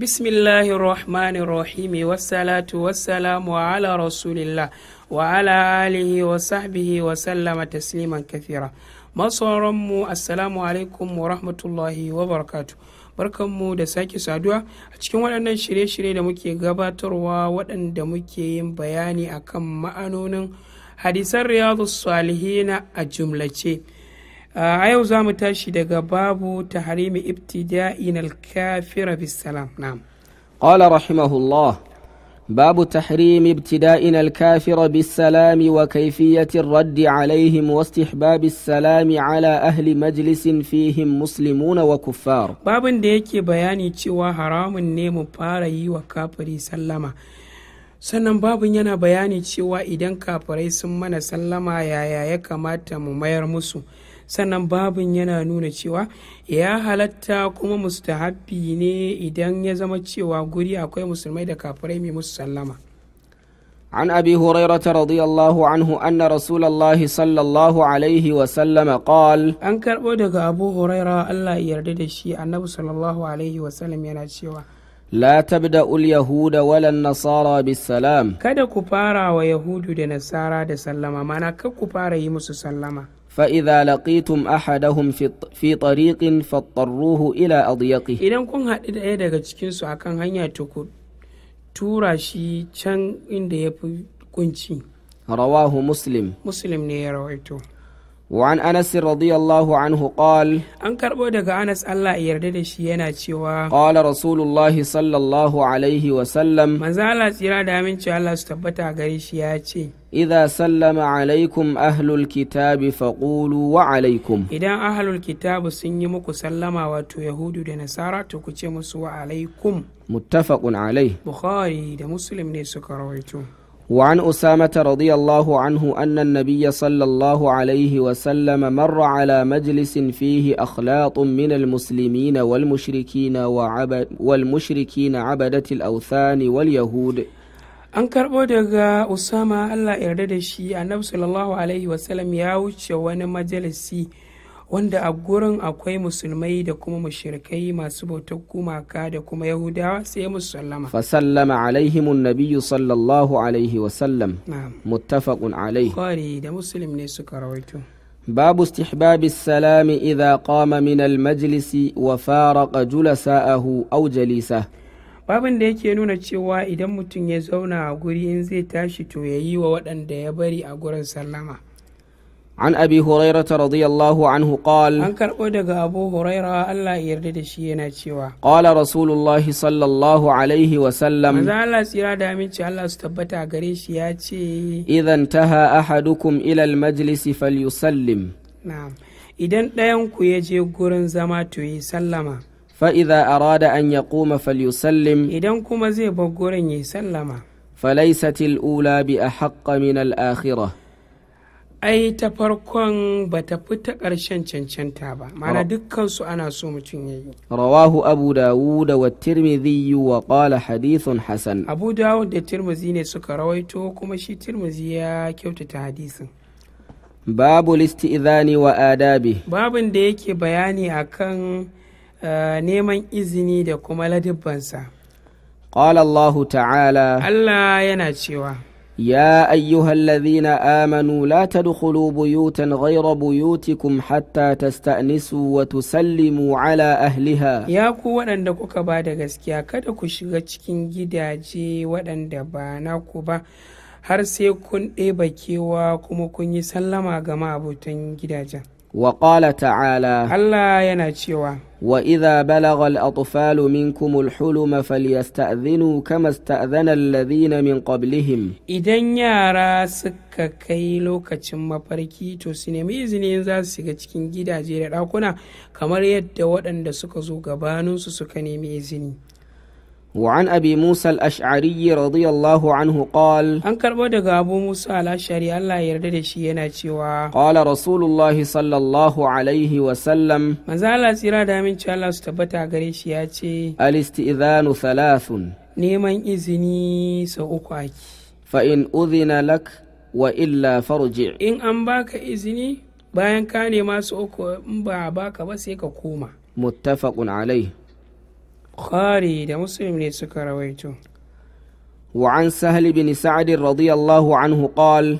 bismillahir rahmanir rahim wassalatu wa ala rasulillah wa ala alihi wa sahbihi wa sallama tasliman kafira. masoran mu assalamu alaikum wa rahmatullahi wa barakatuh barkanmu da sake saduwa a cikin waɗannan shirye-shirye da muke gabatarwa waɗanda muke yin bayani akan ma'anonin hadisan riyadu salihina a jumlace a yau za mu tashi daga babu taharimi ibtida'in al-kafira bisalam na ƙwala rahimahullah babu tahrimi ibtida'in al-kafira bisalami wa kaifiyatin raddi alaihim wasu salami ala ahli majlisin fihim muslimuna wa kuffar babin da yake bayani cewa haramun ne mu fara yi wa kafiri sallama sannan babin yana bayani cewa idan kafirai sun mana sallama yaya ya kamata mu mayar musu sannan babin yana nuna cewa ya halatta kuma mustahabbi ne idan ya zama cewa guri akwai musulmai da kafirai mai musu sallama an abi horaira radiyallahu anhu an na rasulallah sallallahu alaihi wasallam aqal an karbo daga abu horaira allah yarda da shi annabi sallallahu alaihi wasallam yana cewa la tabda ul yahuda walan nasara bis salam kada ku fara wa yahudu da nasara da sallama mana ka ku fara yi musu sallama فإذا لقيتم أحدهم في طريق فاضطروه ila أضيقه idan kun haɗu ɗaya daga cikin su akan hanya ta tura shi can inda yafi kunci rawahu muslim muslim ne ya rawaito وعن أنس رضي الله عنه قال أن daga Anas Allah ya yarda da قال رسول الله صلى الله عليه وسلم من Allah tsira da aminci Allah su tabbata إذا سلم عليكم أهل الكتاب فقولوا وعليكم إذا أهل الكتاب سني سلم واتو يهود دا نصارى تكوشي عليكم متفق عليه بخاري دا مسلم نيسو كرويتو وعن أسامة رضي الله عنه أن النبي صلى الله عليه وسلم مر على مجلس فيه أخلاط من المسلمين والمشركين وعبد والمشركين عبدة الأوثان واليهود an karɓo daga usama allah yarda da shi annabi sallallahu alaihi wasallam ya wuce wani majalisi wanda a gurin akwai musulmai da kuma mushrikai masu bautar gumaka da kuma yahudawa sai musu sallama fa sallama alaihim annabiyyu sallallahu alaihi wa sallam muttafaqun alaihi bukhari da muslim ne suka rawaito باب استحباب السلام إذا قام من المجلس وفارق جلساءه أو جليسه babin da yake nuna cewa idan mutum ya zauna a guri in zai tashi to ya yi wa waɗanda ya bari a gurin sallama عن أبي هريرة رضي الله عنه قال أنكر أدق أبو هريرة ألا يرد شيئا تشوا قال رسول الله صلى الله عليه وسلم ماذا الله سيرادا من الله استبتا غريش ياتي إذا انتهى أحدكم إلى المجلس فليسلم نعم إذا ɗayanku ya je gurin zama to yi sallama fa'iza arada an ya kuma falyusallim idan kuma zai bar gurin yi sallama falaisat ula bi a haƙƙa min al'akhirah ai ta farkon ba ta fi ta ƙarshen cancanta ba mana dukkansu ana so mutum ya yi rawahu abu dawud wa tirmidhi wa qala hadithun hasan abu dawud da tirmidhi ne suka rawaito kuma shi tirmidhi ya kyautata hadisin babu listi'izani wa adabi babin da yake bayani akan uh, neman izini da kuma ladibbansa qala allah ta'ala allah yana cewa يا أيها الذين آمنوا لا تدخلوا بيوتا غير بيوتكم حتى تستأنسوا وتسلموا على أهلها يا ku waɗanda kuka ba da gaskiya kada ku shiga cikin gidaje waɗanda ba na ku ba har sai kun ɗeba kewa kuma kun yi sallama ga ma'abotan gidajen wa ƙala ta'ala Allah yana cewa wa iza balaga al’atufalu min kumul hulu mafal ya kama sta’azana lalazi na min ƙoblihim idan yara suka kai lokacin mafarki to su nemi izini in za su shiga cikin gidaje da ɗakuna kamar yadda waɗanda suka zo gabaninsu suka nemi izini وعن أبي موسى الأشعري رضي الله عنه قال أن كربو أبو موسى الأشعري الله يرد شينا قال رسول الله صلى الله عليه وسلم ما زال سيرا دامن الله ستبتا غريش ياتي الاستئذان ثلاث نيمان إذني سوء فإن أذن لك وإلا فرجع إن أنباك إذني bayan ka nema su uku in ba baka ba sai ka koma muttafaqun alaihi bukhari da muslim ne suka rawaito وعن سهل بن سعد رضي الله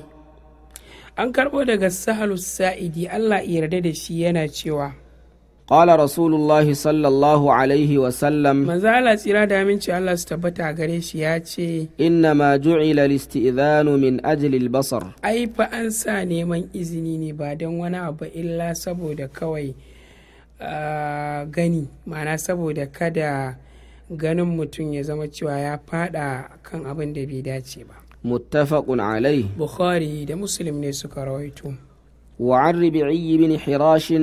an karɓo daga sahalu sa'idi Allah yarda da shi yana cewa qala rasulullahi sallallahu alaihi wa sallam manzo Allah tsira da aminci Allah su tabbata gare shi ya ce inna ma ju'ila listi'dhanu min ajli basar ai fa an sa neman izini ne ba don wani abu illa saboda kawai gani ma'ana saboda kada ganin mutum ya zama cewa ya fada kan abin da bai dace ba muttafaqun alai bukhari da muslim ne suka rawaito وعن ربعي بن حراش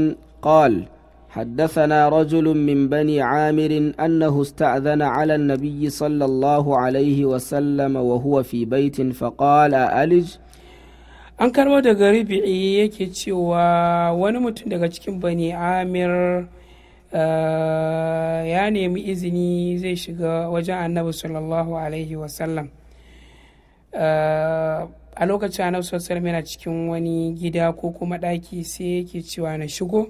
قال حدثنا رجل من بني عامر انه استاذن على النبي صلى الله عليه وسلم وهو في بيت فقال الج an karbo daga ribi'i yake cewa wani mutum daga cikin bani amir eh, ya nemi izini zai shiga wajen annabi sallallahu alaihi wasallam eh, a lokacin annabi sallallahu alaihi yana cikin wani gida ko kuma ɗaki sai yake cewa na shigo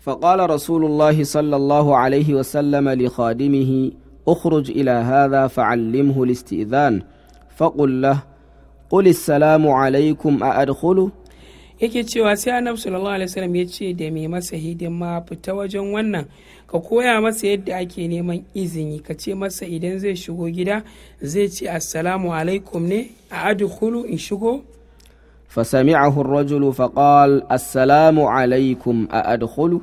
فقال رسول الله صلى الله عليه وسلم لخادمه اخرج إلى هذا فعلمه الاستئذان فقل له qul salamu alaikum a adkhulu yake cewa sai annabi sallallahu alaihi wasallam ya ce da mai masa hidima fita wajen wannan ka koya masa yadda ake neman izini ka ce masa idan zai shigo gida zai ce assalamu alaikum ne a adkhulu in shigo fa fa qala assalamu alaikum a أأدخل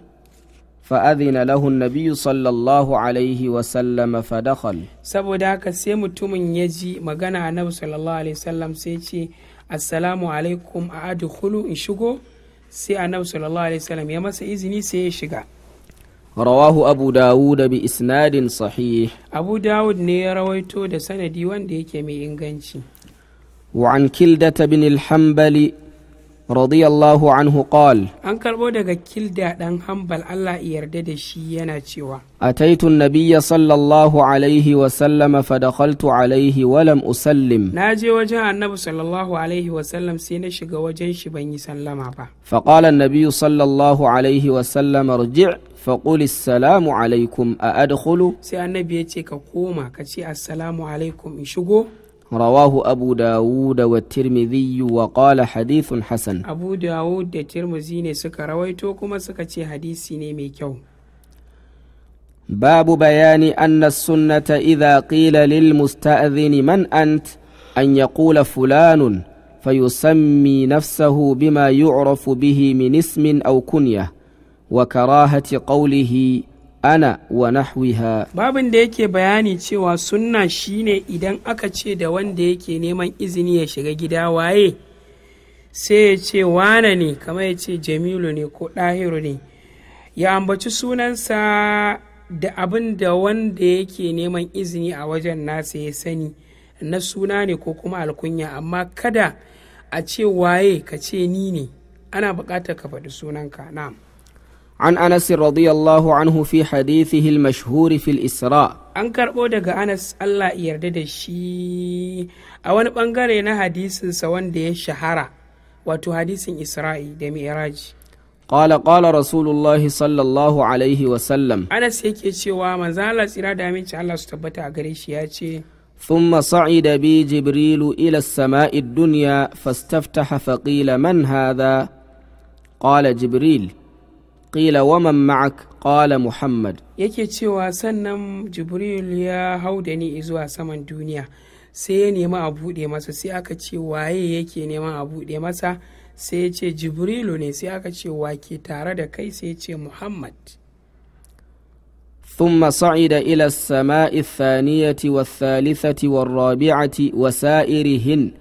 fa'adina lahu nabiyu sallallahu alaihi fa fadakhal saboda haka sai mutumin ya ji magana annabi sallallahu alaihi wasallam sai ce assalamu alaikum a adkhulu in shigo sai annabi sallallahu alaihi wasallam ya masa izini sai ya shiga rawahu abu dawud bi isnadin sahih abu dawud ne ya rawaito da sanadi wanda yake mai inganci وعن كلدة بن الحنبل radiyallahu anhu qal an karbo daga kilda dan hambal Allah yarda da shi yana cewa ataitu nabiyya sallallahu alaihi wa sallam fa dakhaltu alaihi usallim naje wajen annabi sallallahu alaihi sai na shiga wajen shi ban yi sallama ba fa qala an-nabiy sallallahu alaihi wa sallam irji' a adkhulu sai annabi ya ce ka koma ka ce assalamu alaikum in shigo رواه أبو داود والترمذي وقال حديث حسن أبو داود والترمذي نسك suka rawaito kuma suka ce hadisi باب بيان أن السنة إذا قيل للمستأذن من أنت أن يقول فلان فيسمي نفسه بما يعرف به من اسم أو كنية وكراهة قوله ana wa nahwiha babin da yake bayani cewa sunna shine idan aka ce da wanda yake neman izini ya shiga gida waye sai ya ce wane ne kamar ya ce jamilu ne ko ɗahiru ne ya ambaci sunansa da abin da wanda yake neman izini a wajen nasa ya sani na suna ne ko kuma alkunya amma kada a ce waye ka ce ni ne ana buƙatar ka faɗi sunanka na'am عن أنس رضي الله عنه في حديثه المشهور في الإسراء an karɓo daga anas allah yarda da shi a wani ɓangare na hadisinsa wanda ya shahara wato hadisin isra'i da mi'raji قال قال رسول الله صلى الله عليه وسلم أنا سيكي cewa manzo Allah tsira da aminci Allah su tabbata a gare shi ya ce ثم صعد بي جبريل إلى السماء الدنيا فاستفتح فقيل من هذا قال جبريل qila waman ma'ak qala muhammad yake cewa sannan jibril ya hau da ni zuwa saman duniya sai ya nemi a buɗe masa sai aka ce waye yake neman a buɗe masa sai ya ce jibrilu ne sai aka ce wake tare da kai sai ya ce muhammad ثم صعد إلى السماء الثانية والثالثة والرابعة وسائرهن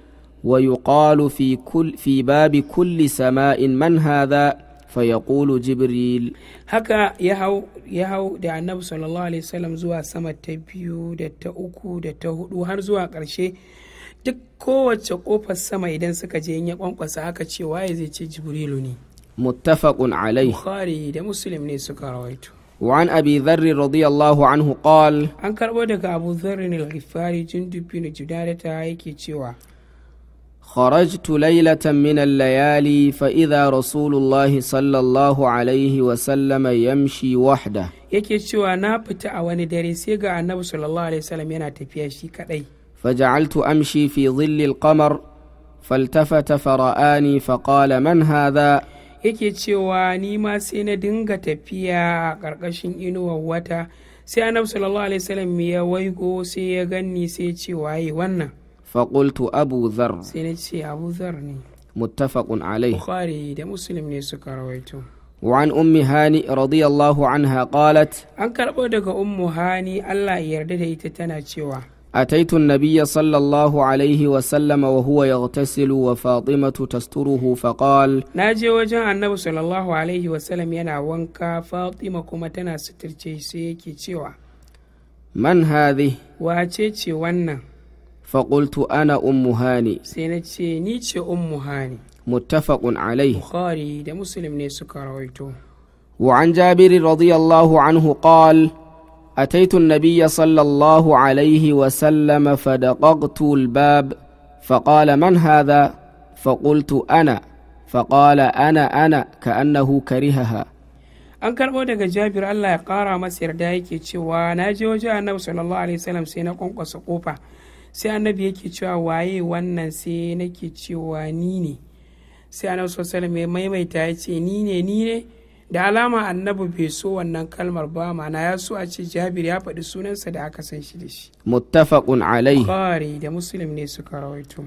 ويقال في, كل في باب كل سماء من هذا fayaqulu jibril haka ya hau da annabi sallallahu alaihi wasallam zuwa sama ta biyu da ta uku da ta hudu har zuwa karshe duk kowace kofar sama idan suka je ya kwankwasa haka cewa ya zai ce jibrilu ne muttafaqun alai bukhari da muslim ne suka rawaito وعن أبي ذر رضي الله عنه قال عن كربو دك أبو ذر الغفاري جندب بن جدادة هيكي cewa. خرجت ليلة من الليالي فإذا رسول الله صلى الله عليه وسلم يمشي وحده yake cewa na fita a wani dare sai ga annabi sallallahu alaihi wasallam yana tafiya shi kadai faja'altu amshi في ظل القمر فالتفت fara'ani, فقال من هذا yake cewa ni ma sai na dinga tafiya a ƙarƙashin inuwar wata sai annabi sallallahu alaihi wasallam ya waigo sai ya ganni sai ce waye wannan faƙultu abu zar sai na ce abu zar ne muttafaqun alai bukhari da muslim ne suka rawaito وعن أم هاني رضي الله عنها قالت أن كربو دغ أم هاني الله يرد ده تتنا cewa أتيت النبي صلى الله عليه وسلم وهو يغتسل وفاطمة تستره فقال ناجي وجه النبي صلى الله عليه وسلم ينا وانكا فاطمة كما تنا سترجي سيكي تشيوا من هذه واتشي وانا فقلت أنا أم هاني سينتشي نيتشي أم هاني متفق عليه بخاري ده مسلم نيسك رويته وعن جابر رضي الله عنه قال أتيت النبي صلى الله عليه وسلم فدققت الباب فقال من هذا فقلت أنا فقال أنا أنا كأنه كرهها أنكر karɓo جابر jabir allah ya مسير دايكي yarda yake cewa na صلى الله عليه وسلم alaihi wasallam sai annabi yake cewa waye wannan sai nake cewa ni ne sai annabi sosai mai maimaita ya ce ni ne ni ne da alama annabi bai so wannan kalmar ba mana ya so a ce jabir ya faɗi sunansa da aka san shi da shi muttafaqun alai bukhari da muslim ne suka rawaito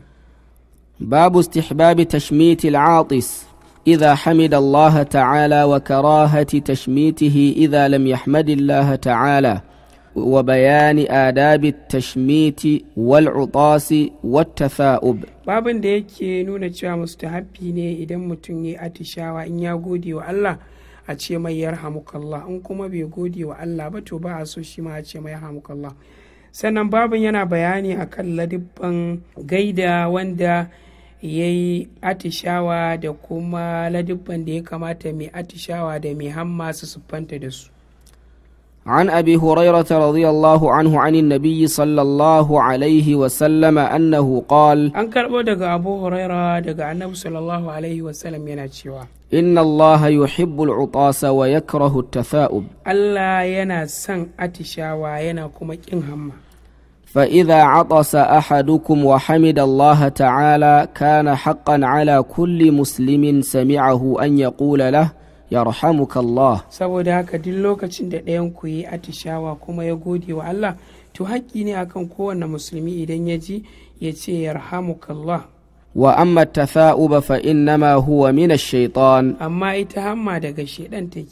babu istihbabi tashmiti al-atis idha hamida Allah ta'ala wa karahati tashmitihi idha lam yahmad Allah ta'ala wa bayani وبيان آداب التشميت والعطاس والتثاؤب babin da yake nuna cewa mustahabbi ne idan mutum ya atishawa in ya gode wa Allah a ce mai yarhamukallah in kuma bai gode wa Allah ba to ba a so ma a ce mai yarhamukallah sannan baban yana bayani akan ladibban gaida wanda ya yi atishawa da kuma ladibban da ya kamata mai atishawa da mai hamma su siffanta da su عن أبي هريرة رضي الله عنه عن النبي صلى الله عليه وسلم أنه قال أن كربو دقى أبو هريرة دقى النبي صلى الله عليه وسلم يناتشوا إن الله يحب العطاس ويكره التثاؤب الله ينا سن أتشاوا ينا كما إنهم فإذا عطس أحدكم وحمد الله تعالى كان حقا على كل مسلم سمعه أن يقول له yarhamukallah saboda haka duk lokacin da ɗayan ku yi atishawa kuma ya gode wa Allah to haƙƙi ne akan kowane musulmi idan ya ji ya ce yarhamukallah wa amma tatha'uba fa innama huwa min ash amma ita hamma daga shaydan take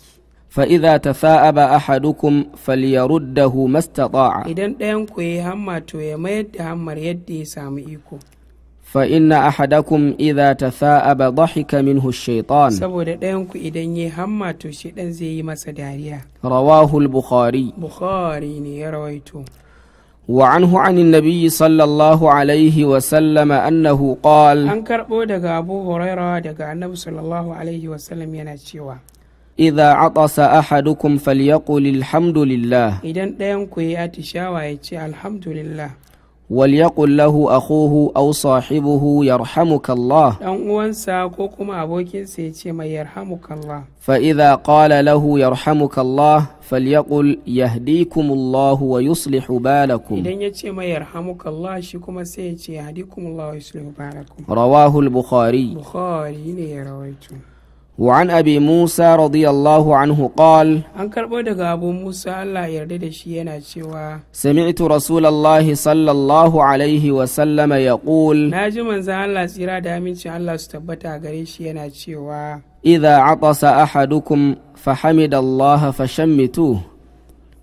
fa idza tatha'aba ahadukum falyaruddahu mastata'a idan ɗayan ku yi hamma to ya mayar da hammar yadda ya samu iko fa inna a hadakun iza ta sa’a ba za shaitan saboda ɗayan ku idan yi hamma to shi ɗan zai yi masa dariya rawahul bukhari bukhari ne ya rawaito wa an hu an yi nabi sallallahu alaihi wasallama an an karɓo daga abu horarwa daga annabi sallallahu alaihi wasallam yana cewa iza a ƙasa fal hadakun falyaƙo lilhamdulillah idan ɗayan ku ya ce alhamdulillah وليقل له أخوه أو صاحبه يرحمك الله فإذا قال له يرحمك الله فليقل يهديكم الله ويصلح بالكم رواه البخاري وعن أبي موسى رضي الله عنه قال أبو موسى الله سمعت رسول الله صلى الله عليه وسلم يقول إذا عطس أحدكم فحمد الله فشمتوه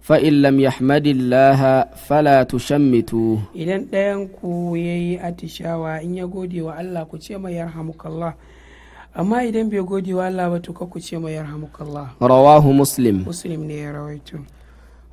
فإن لم يحمد الله فلا تشمتوه إذا ɗayanku ya yi atishawa in ya gode wa Allah ku ce mai yarhamukallah amma idan bai gode wa Allah ba to ka ku ce mai rawahu muslim muslim ne ya rawaito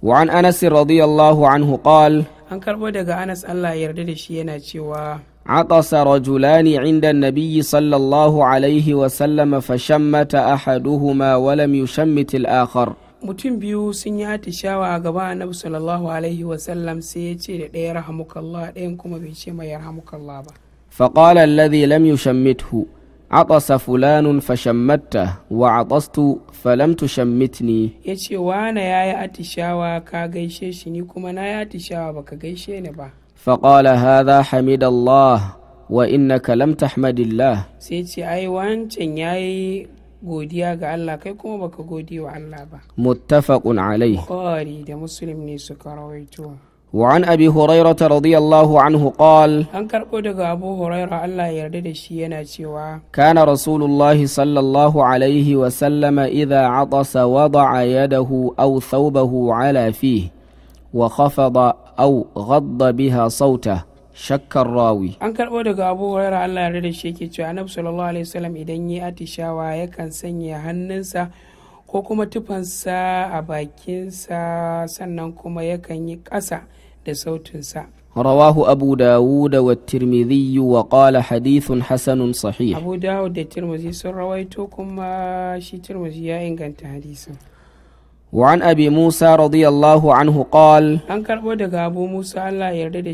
wa an anas radiyallahu anhu qal an karbo daga anas Allah yarda da shi yana cewa عطس رجلان عند النبي صلى الله عليه وسلم فشمت أحدهما ولم يشمت الآخر mutum biyu sun yi atishawa a gaba annabi sallallahu alaihi sallam sai ya ce da ɗaya rahamukallah ɗayan kuma bai ce mai yarhamukallah ba faqala alladhi lam yushammithu atasa fulanun fashammatta wa atastu falam tushammitni ya ce wane ya yi atishawa ka gaishe shi ni kuma na yi atishawa baka gaishe ni ba faƙala hadha hamidallah wa innaka lam tahmadillah sai ce ai wancan yayi godiya ga Allah kai kuma baka gode wa Allah ba muttafaqun alai bukhari da muslim ne suka rawaito وعن أبي هريرة رضي الله عنه قال أنكر قدق أبو هريرة الله يرد الشينا سوى كان رسول الله صلى الله عليه وسلم إذا عطس وضع يده أو ثوبه على فيه وخفض أو غض بها صوته shakkar rawi an karɓo daga abu huraira allah yarda da shi yake cewa annabi sallallahu alaihi wasallam idan yi atishawa yakan sanya hannunsa ko kuma tufansa a bakinsa sannan kuma yakan yi ƙasa da sautinsa. رواه أبو داود والترمذي وقال حديث حسن صحيح أبو داود الترمذي رويتكم شي ترمذي يا كانت حديثا وعن أبي موسى رضي الله عنه قال أنكر ودك أبو موسى الله يرد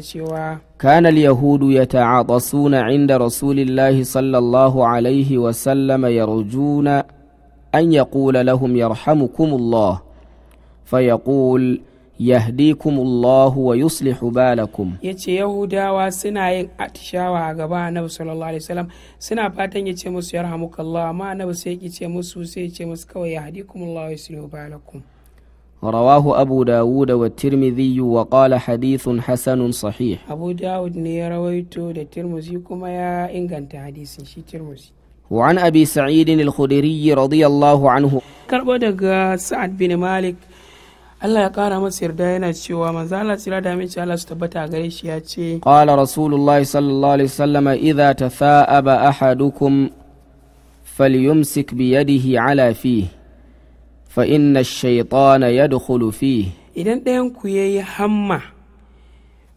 شوا كان اليهود يتعاطسون عند رسول الله صلى الله عليه وسلم يرجون أن يقول لهم يرحمكم الله فيقول yahdikum Allah wa yuslihu balakum yace yahudawa suna yin atishawa a gaba annabi suna fatan ya ce musu yarhamukallah amma annabi sai ya ce musu sai kawai ce musu kawai yahdikum Allah wa yuslihu balakum رواه أبو داود والترمذي وقال حديث حسن صحيح أبو داود نيرويتو الترمذي كما يا إنغانت حديث شي ترمذي وعن أبي سعيد الخدري رضي الله عنه كربو دغا سعد بن مالك Allah ya ƙara masa yarda yana cewa maza Allah tsira da mace Allah su tabbata a gare shi ya ce Qala Rasulullahi sallallahu alaihi wasallam idza tatha'aba ahadukum falyumsik bi yadihi ala fi fa inna ash-shaytana yadkhulu fi idan ɗayan ku yayi hamma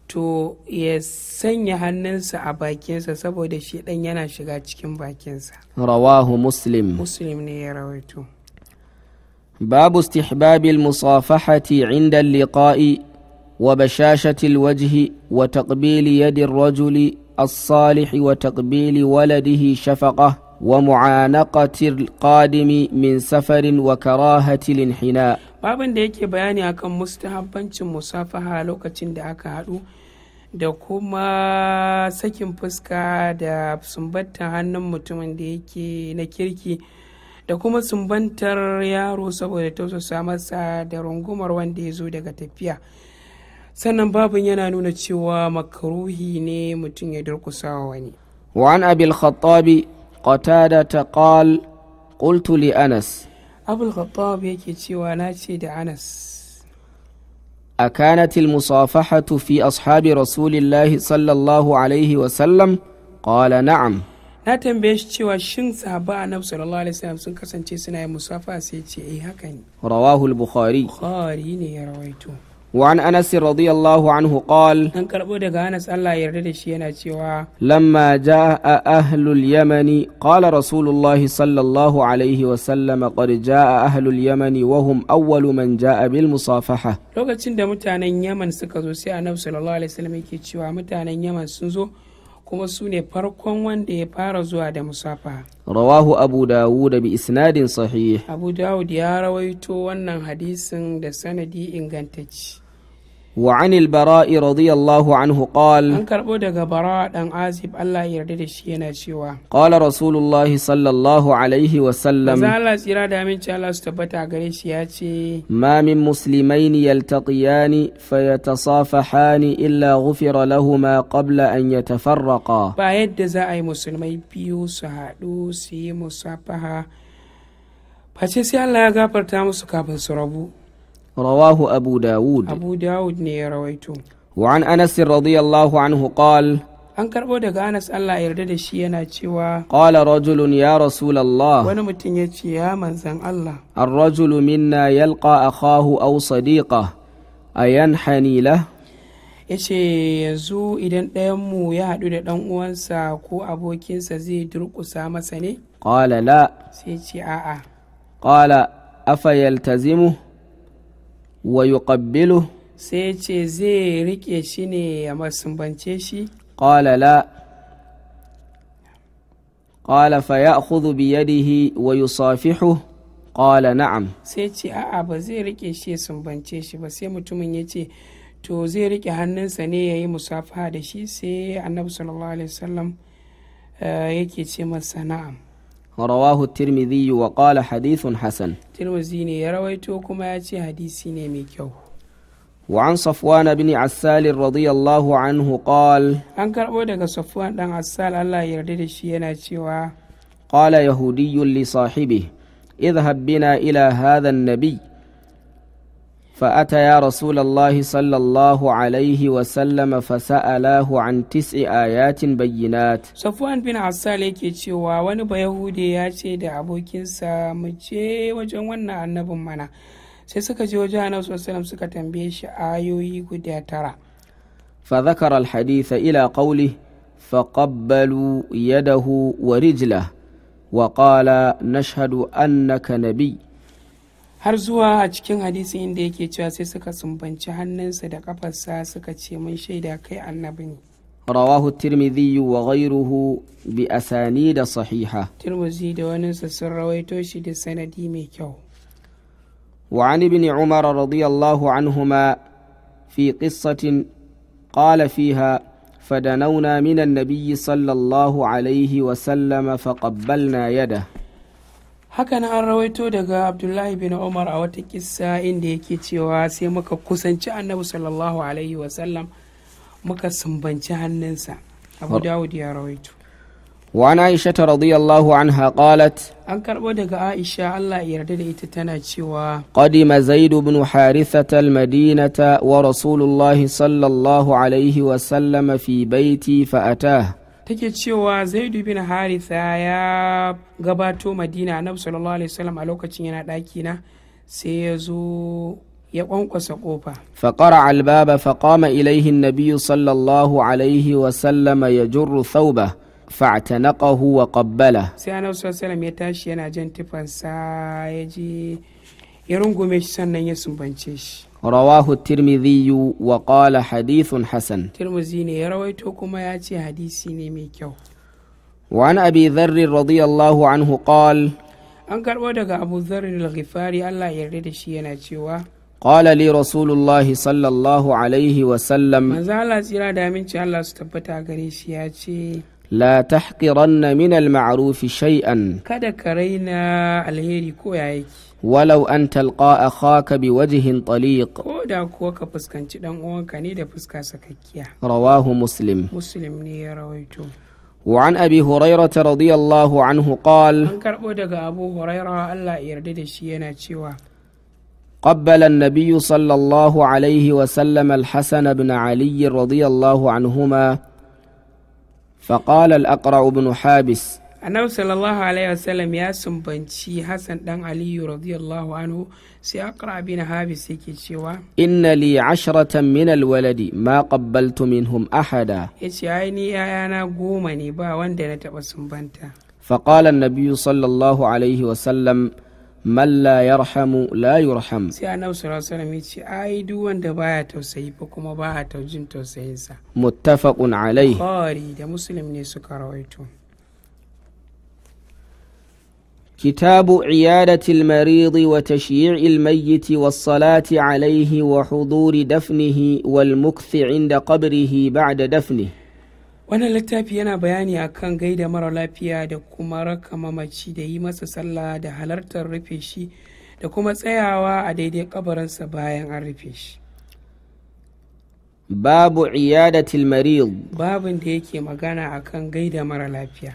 to ya sanya hannunsa a bakinsa saboda shi dan yana shiga cikin bakinsa rawahu muslim muslim ne ya rawaito babu stihbabil musafahati inda liqa'i wa bashashatil wajhi wa taqbili yadin rajuli wa وتقبيل waladihi شفقه ومعانقة القادم من سفر وكراهة الانحناء babin da yake bayani akan mustahabbancin musafaha lokacin da aka haɗu da kuma sakin fuska da sumbantar hannun mutumin da yake na kirki da kuma sumbantar yaro saboda tausasa masa da rungumar wanda ya zo daga tafiya sannan babin yana nuna cewa makaruhi ne mutum ya durkusa wani wa an abil khattabi قتادة قال قلت لأنس أبو الخطاب يكي تشيوى ناتشي أنس أكانت المصافحة في أصحاب رسول الله صلى الله عليه وسلم قال نعم na tambaye shi cewa shin sahaba annabi sallallahu alaihi wasallam sun kasance suna yin musafa sai ce eh haka ne bukhari bukhari ne ya rawaito وعن Anasi رضي الله عنه قال أن كربو دغ أنس الله يرد شي yana cewa لما جاء أهل اليمن قال رسول الله صلى الله عليه وسلم قد جاء أهل اليمن وهم a bil musafaha. lokacin da mutanen Yaman suka zo sai Annabi sallallahu alaihi wasallam cewa mutanen Yaman sun zo kuma sune farkon wanda ya fara zuwa da musafaha. Rawahu Abu Dawud bi isnadin sahih. Abu Dawud ya rawaito wannan hadisin da sanadi ingantacci. وعن البراء رضي الله عنه قال أن كربو دغ براء دان عازب الله يرضي da shi yana cewa قال رسول الله صلى الله عليه وسلم زال سيرا da min Allah su tabbata gare shi ya ce ما من مسلمين يلتقيان فيتصافحان إلا غفر لهما قبل أن يتفرقا ba yadda za a yi musulmai biyu su haɗu su yi musafaha face sai Allah ya gafarta musu kafin su rabu رواه أبو داود أبو داود ني رويته وعن أنس رضي الله عنه قال an karɓo daga anas allah yarda da shi yana cewa qala rajulun ya rasulallah wani mutum ya ce ya manzan allah ar-rajulu minna yalqa akhahu aw sadiqa ayanhani hanila. ya ce yanzu idan ɗayanmu ya haɗu da ɗan uwansa ko abokinsa zai durƙusa masa ne qala la sai ce a'a qala afa yaltazimu wa yuqabbilu sai ce zai rike shi ne a masumbance shi qala la qala fa ya'khudhu bi yadihi wa yusafihu qala na'am sai ce a'a ba zai rike shi ya sumbance shi ba sai mutumin ya ce to zai rike hannunsa ne ya yi musafaha da shi sai annabi sallallahu alaihi wasallam eh, yake ce masa na'am rawahu tirmidhi wa qala hadithun hasan tirmidhi ne ya rawaito kuma ya ce hadisi ne mai kyau وعن صفوان بن عسال رضي الله عنه قال أن كربو دغ صفوان دان عسال الله يرضي شي yana cewa قال يهودي لصاحبه اذهب بنا إلى هذا النبي فأتيا رسول الله صلى الله عليه وسلم فسأله عن تسع آيات بينات صفوان بن عسال yake cewa wani bayahude ya ce da abokinsa mu je wajen wannan annabin mana sai suka je wajen annabi sallallahu suka tambaye shi ayoyi guda tara فذكر الحديث إلى قوله فقبلوا يده ورجله وقال نشهد أنك nabi. har zuwa a cikin hadisi inda yake cewa sai suka sumbanci hannunsa da kafarsa suka ce mun shaida kai annabi ne rawahu tirmidhi wa ghayruhu bi asani da sahiha tirmidhi da waninsa sun rawaito shi da sanadi mai kyau wa an ibn umar radiyallahu anhuma fi qissatin qala fiha فدنونا من النبي صلى الله عليه وسلم فقبلنا يده haka na an rawaito daga abdullahi bin umar a wata kissa inda yake cewa sai muka kusanci annabi sallallahu alaihi wasallam muka sumbanci hannunsa abu dawud ya rawaito wa an aisha ta radiyallahu anha qalat an karbo daga aisha allah yarda da ita tana cewa qadima zaid ibn harithah al madinata wa rasulullahi sallallahu alaihi wa sallam, fi baiti fa ataha take cewa zaidu bin haritha ya gabato madina annabi sallallahu alaihi wasallam a lokacin yana ɗaki na sai ya zo ya kwankwasa kofa baba albaba qama ilaihi an-nabiy sallallahu alaihi wasallama yajurru thawba fa'tanaqahu wa qabbala sai annabi sallallahu alaihi ya tashi yana jan tufansa ya je ya rungume shi sannan ya sumbance shi rawahu tirmidhi wa qala hadithun Hassan. tirmidhi ne ya rawaito kuma ya ce hadisi ne mai kyau wa an abi dharr radiyallahu anhu qal an karbo daga abu dharr al-ghifari Allah ya yarda da shi yana cewa قال لي رسول الله صلى الله عليه وسلم manzo Allah tsira da aminci Allah su tabbata gare shi ya ce la ranna min al-ma'ruf shay'an kada ka raina alheri ko ya yake walau an talqa akhaka bi wajihin taliq ko da kuwa ka fuskanci dan uwanka ne da fuska sakakkiya rawahu muslim muslim ne ya rawaito وعن أبي هريرة رضي الله عنه قال قبل النبي صلى الله عليه وسلم الحسن بن علي رضي الله عنهما فقال الأقرع بن حابس annabi sallallahu ya sumbanci hassan dan aliyu radiyallahu anhu sai akra habis yake cewa inna li ashratan min alwaladi ma qabbaltu minhum ahada yace ai ni yayana goma ne ba wanda na taba sumbanta فقال النبي صلى الله عليه وسلم من لا يرحم لا يرحم سيانا صلى الله عليه اي دو انت بايا توسعي فكما بايا توجين توسعي متفق عليه خاري دا مسلم نيسو كتاب عيادة المريض وتشييع الميت والصلاة عليه وحضور دفنه والمكث عند قبره بعد دفنه wannan littafi yana bayani akan gaida mara lafiya da kuma raka mamaci da yi masa sallah da halartar rufe shi da kuma tsayawa a daidai kabarinsa bayan an rufe shi babu iyadatil marid babin da yake magana akan gaida mara lafiya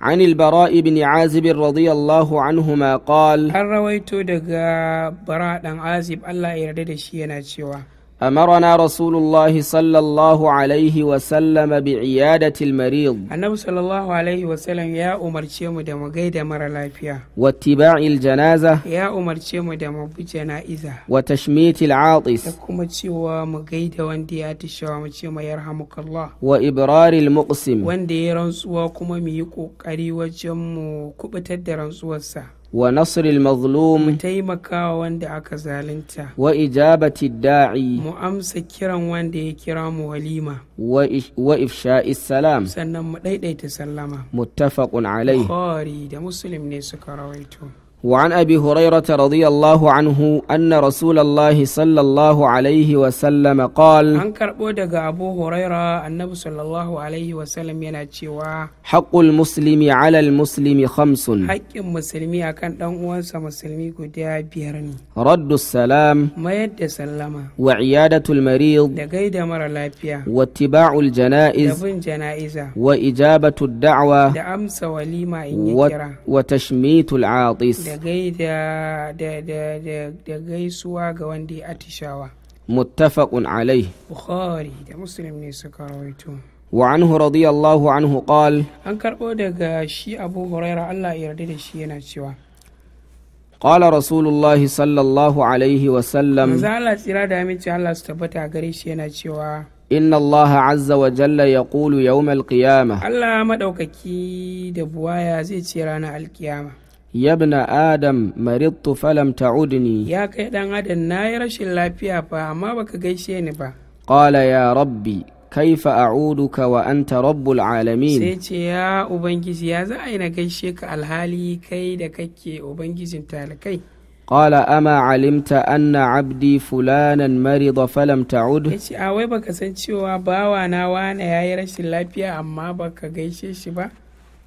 عن البراء بن عازب رضي الله عنهما قال هل رويت دقا براء عازب الله shi شيئا cewa. أمرنا رسول الله صلى الله عليه وسلم بعيادة المريض النبي صلى الله عليه وسلم يا أمر شيم دم غيد مرة لافيا واتباع الجنازة يا أمر شيم دم جنائزة وتشميت العاطس تكما تشوى مغيد واندي أتشوى مشيم يرحمك الله وإبرار المقسم واندي رنسوا كما ميكو قري وجم كبتد رنسوا السهل wa nasril mazlum taimakawa wanda aka zalunta wa ijabati da'i mu amsa kiran wanda ya kira mu walima wa ifsha'i salam sannan mu daidaita sallama muttafaqun alai bukhari da muslim ne suka rawaito وعن ابي هريره رضي الله عنه ان رسول الله صلى الله عليه وسلم قال ان كربو دغ ابو هريره النبي صلى الله عليه yana cewa haqqul muslimi ala al muslimi khamsin. Haƙƙin musulmi akan ɗan uwansa musulmi guda biyar ne raddu salam mayar da sallama wa iyadatu al marid da gaida mara lafiya wa ittiba'u al janaiz janaiza wa ijabatu ad da amsa walima in ya kira wa tashmitu al atis da gaida gaisuwa ga wanda ya atishawa muttafaqun alai bukhari da muslim ne suka rawaito wa anhu radiyallahu anhu qal an karɓo daga shi abu huraira Allah ya yarda da shi yana cewa قال رسول الله صلى الله عليه وسلم زعل da aminci Allah su tabbata gare shi yana cewa inna Allah azza wa jalla ya qulu yawm al Allah maɗaukaki da buwaya zai ce ranar alkiyama yabna adam maridtu falam ta'udni ya kai dan adam na yi rashin lafiya fa amma baka gaishe ni ba qala ya rabbi kaifa a'uduka wa anta rabbul alamin sai ce ya ubangiji ya za a yi na gaishe ka alhali kai da kake ubangijin talakai قال أما علمت أن عبدي فلانا مرض فلم تعد yace a wai baka san cewa bawa na wane yayi rashin lafiya amma baka gaishe shi ba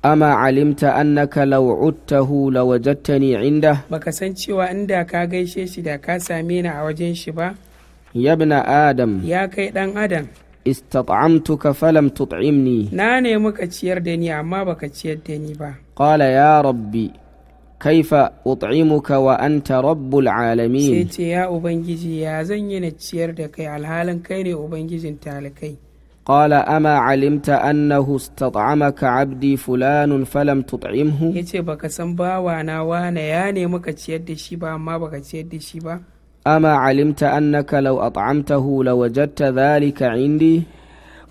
ama alimta annaka hula uttahu ni inda baka san cewa inda ka gaishe shi da ka same ni a wajen shi ba yabna adam ya kai dan adam istat'amtuka falam tut'imni na nemi ka ciyar da ni amma baka ciyar da ni ba qala ya rabbi kaifa ut'imuka wa'anta anta rabbul ya ubangiji ya zan yi na ciyar da kai alhalin kai ne ubangijin talikai قال أما علمت أنه استطعمك عبدي فلان فلم تطعمه yace baka san bawa na wane ya ne muka ciyar da shi ba amma baka ciyar da shi ba أما علمت أنك لو أطعمته لوجدت ذلك عندي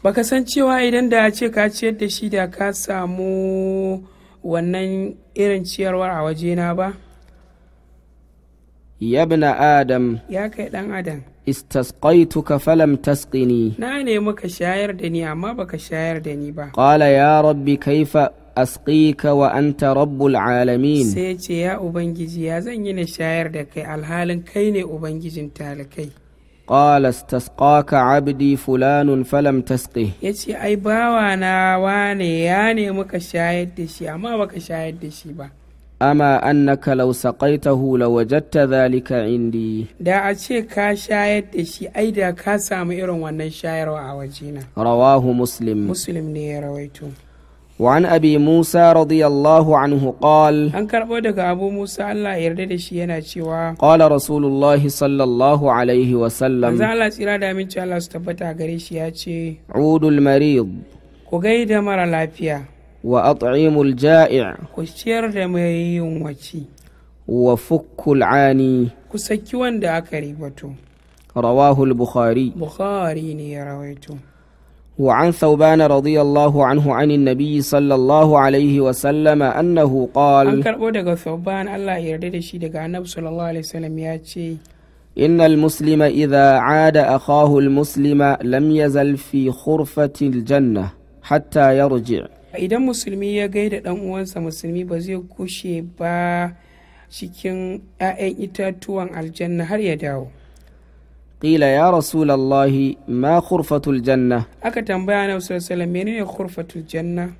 baka san cewa idan da ce ka ciyar da shi da ka samu wannan irin ciyarwar a wajena ba ya ibn adam ya kai dan adam istasqaituka tasƙi tasqini na nemi ka shayar da ni amma baka shayar da ni ba Ƙala ya rabbi kaifa asqika wa wa'anta rabbul alamin sai ce ya ubangiji ya zan yi na shayar da kai alhalin kai ne ubangijin talakai قال استسقاك عبدي fulanun فلم tasƙi. yace ai bawa na wane ya nemi ka shayar da shi amma baka shayar da shi ba ama annaka lau sakai ta hula wajatta zalika indi da a ce ka shayar da shi ai da ka samu irin wannan shayarwa a wajena. rawahu muslim muslim ne ya rawaito wani abi musa radiyallahu anhu kwal an karbo daga abu musa allah ya yarda da shi yana cewa kwal rasulullahi sallallahu alaihi wasallam wanzan allah tsira da minci allah su tabbata gare shi ya ce udul marib ku gaida mara lafiya wa at'imul ja'i' ku ciyar da mai yunwaci wa fukul ani ku saki wanda aka ribato rawahu al-bukhari bukhari ne ya rawaito wa an radiyallahu anhu an an sallallahu alayhi wa sallama annahu qala an karbo daga thawban Allah ya yarda da shi daga annabi sallallahu alaihi wasallam ya ce إن المسلم إذا عاد أخاه المسلم لم يزل في خرفة الجنة حتى يرجع idan musulmi ya gaida dan uwansa musulmi ba zai kushe ba cikin 'ya'yan itatuwan aljanna har ya dawo Ƙila ya rasulallahi ma khurfatul janna aka tambaya na sallallahu menene khurfatul janna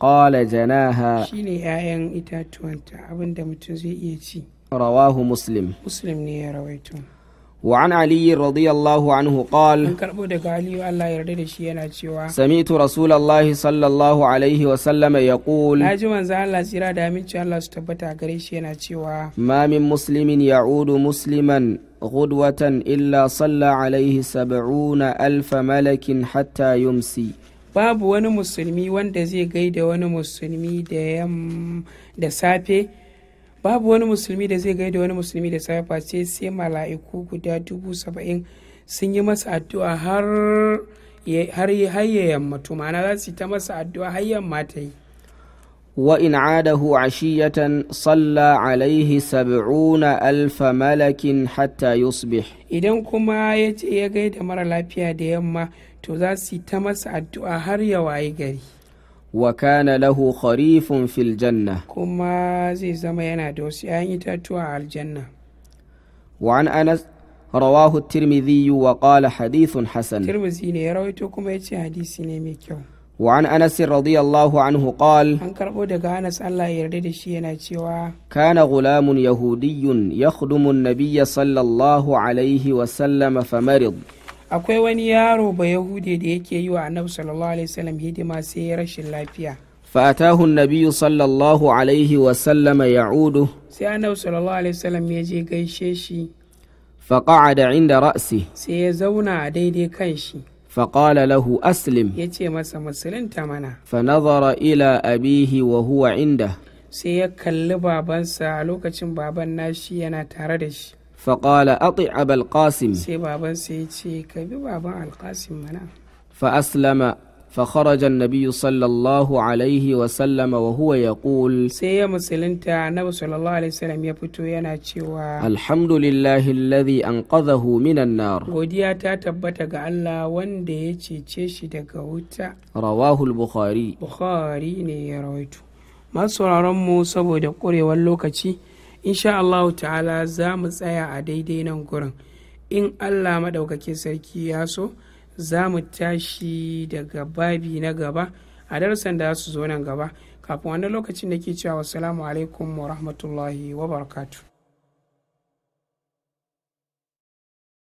ƙala janaha shine 'ya'yan itatuwanta abinda mutum zai iya ci rawahu muslim muslim ne ya rawaito وعن علي رضي الله عنه قال سمعت رسول الله صلى الله عليه وسلم يقول ما من مسلم يعود مسلما غدوة إلا صلى عليه سبعون ألف ملك حتى يمسي babu wani musulmi قيد zai gaida wani musulmi da safe babu wani musulmi da zai gaida wani musulmi da safe ce sai mala'iku guda dubu saba'in sun yi masa addu'a har ya yammatu ma'ana za su yi ta masa addu'a har yamma ta yi wa in adahu ashiyatan salla alaihi sab'una alfa malakin hatta yusbih idan kuma ya ce ya gaida mara lafiya da yamma to za su yi ta masa addu'a har ya wayi gari wa kana lahu kharifun fil janna kuma zai zama yana da wasu 'ya'yan itatuwa a aljanna wa an anas rawahu tirmidhi wa qala hadithun hasan tirmidhi ne ya rawaito kuma yace hadisi ne mai kyau wa an anas radiyallahu anhu qal an karbo daga anas Allah ya yarda da shi yana cewa kana gulamun yahudiyyun yakhdumu an-nabiyya sallallahu alayhi wa sallam famarid akwai wani yaro ba yahudi da yake yi wa annabi hidima sai ya rashin lafiya fataahu nabiyu sallallahu alaihi wasallama ya'udu sai annabi sallallahu alaihi wasallam ya je gaishe shi فقعد عند رأسه سيزون عديدي كنشي فقال له أسلم تمنا فنظر إلى أبيه وهو عنده lokacin baban nashi yana tare da shi. faƙala ati abal qasim sai baban sai ka bi baban alƙasim mana fa aslama fa kharaja annabi sallallahu alaihi wa sallama wa sai ya musulunta annabi sallallahu alaihi wasallam ya fito yana cewa alhamdulillahi alladhi anqadhahu minan nar godiya ta tabbata ga Allah wanda ya cece shi daga wuta rawahu al-bukhari bukhari ne ya rawaito Ma sauraron mu saboda ƙurewar lokaci insha Allah ta'ala za mu tsaya a daidai nan gurin in Allah maɗaukakin sarki ya so za mu tashi daga babi na gaba a darasan da su zo nan gaba kafin wani lokacin da ke cewa wasu alaikum wa rahmatullahi wa barakatu